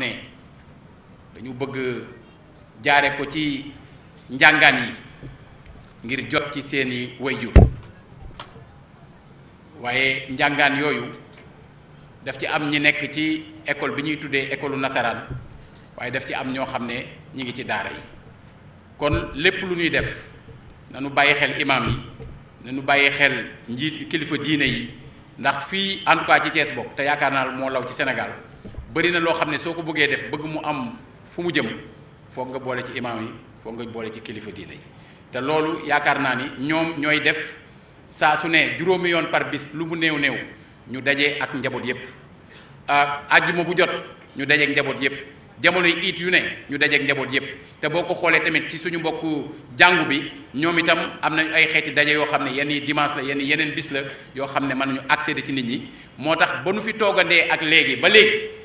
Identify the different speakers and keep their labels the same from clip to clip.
Speaker 1: ne dañu bëgg jaare ko ci njàngaan yi ngir jot ci seeni wayjur waaye njàngaan yooyu def ci am ñi nekk ci école bi ñuy tuddee école nasaraan waaye daf ci am ñoo xam ne ñi ngi ci daara yi kon lépp lu ñuy def nanu bàyyi xel imaam yi nanu bàyyi xel njiit kilifa diine yi ndax fii en ci Thiès bokk te yaakaar naa moo law ci Sénégal bari na loo xam ne soo ko bëggee def bëgg mu am fu mu jëm foog nga boole ci imaam yi foog nga boole ci kilifa diina yi te loolu yaakaar naa ni ñoom ñooy def saa su ne juróomi yoon par bis lu mu néew néew ñu dajee ak njaboot yépp ah, àjjuma bu jot ñu dajeek njaboot yépp jamonoy yi it yu ne ñu dajeek njaboot yépp te boo ko xoolee tamit ci suñu mbokku jàngu bi ñoom itam am nañu ay xeeti daje yoo xam ne yenn yi dimanche la yenn yeneen bis la yoo xam ne man nañu accéder ci nit ñi moo tax ba nu fi toogandee ak léegi ba léegi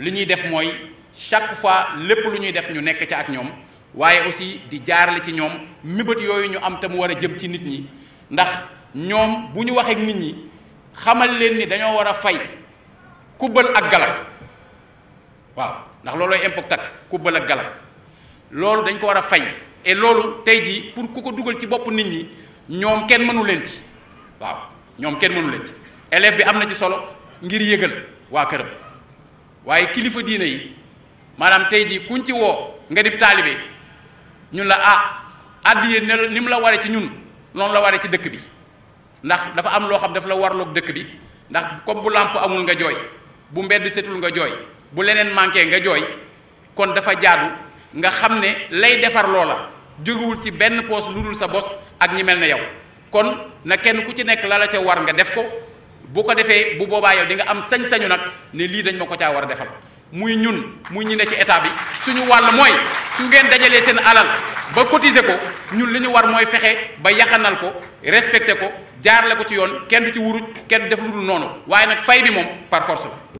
Speaker 1: li ñuy def mooy chaque fois lépp lu ñuy def ñu nekk ca ak ñoom waaye aussi di jaarale ci ñoom mébét yooyu ñu am te mu war a jëm ci nit ñi ndax ñoom bu ñu waxee ak nit ñi xamal leen ni dañoo war a fay kubbal ak galab waaw ndax loolooy impôt taxe kubbal ak galab loolu dañ ko war a fay et loolu tey jii pour ku ko dugal ci bopp nit ñi ñoom kenn mënu leen ci waaw ñoom kenn mënu leen ci élève bi am na ci solo ngir yëgal waa këram. waaye kilifa diine yi maanaam tey jii kuñ ci woo nga dib taalibe ñun la ah addiye ne ni mu la waree ci ñun noonu la waree ci dëkk bi ndax dafa am loo xam daf la warloog dëkk bi ndax comme bu làmp amul nga jooy bu mbedd setul nga jooy bu leneen manqué nga jooy kon dafa jaadu nga xam ne lay defar loola jógewul ci benn poos lu dul sa bos ak ñi mel ne yow kon na kenn ku ci nekk lala la ca war nga def ko boo ko defee bu boobaa yow di nga am sañ-sañu nag ne lii dañ ma ko caa war a defal muy ñun muy ñi ne ci état bi suñu wàll mooy su ngeen dajalee seen alal ba cotiser ko ñun li ñu war mooy fexe ba yaxanal ko respecté ko jaarale ko ci yoon kenn du ci wuruj kenn def lu dul noonu waaye nag fay bi moom par la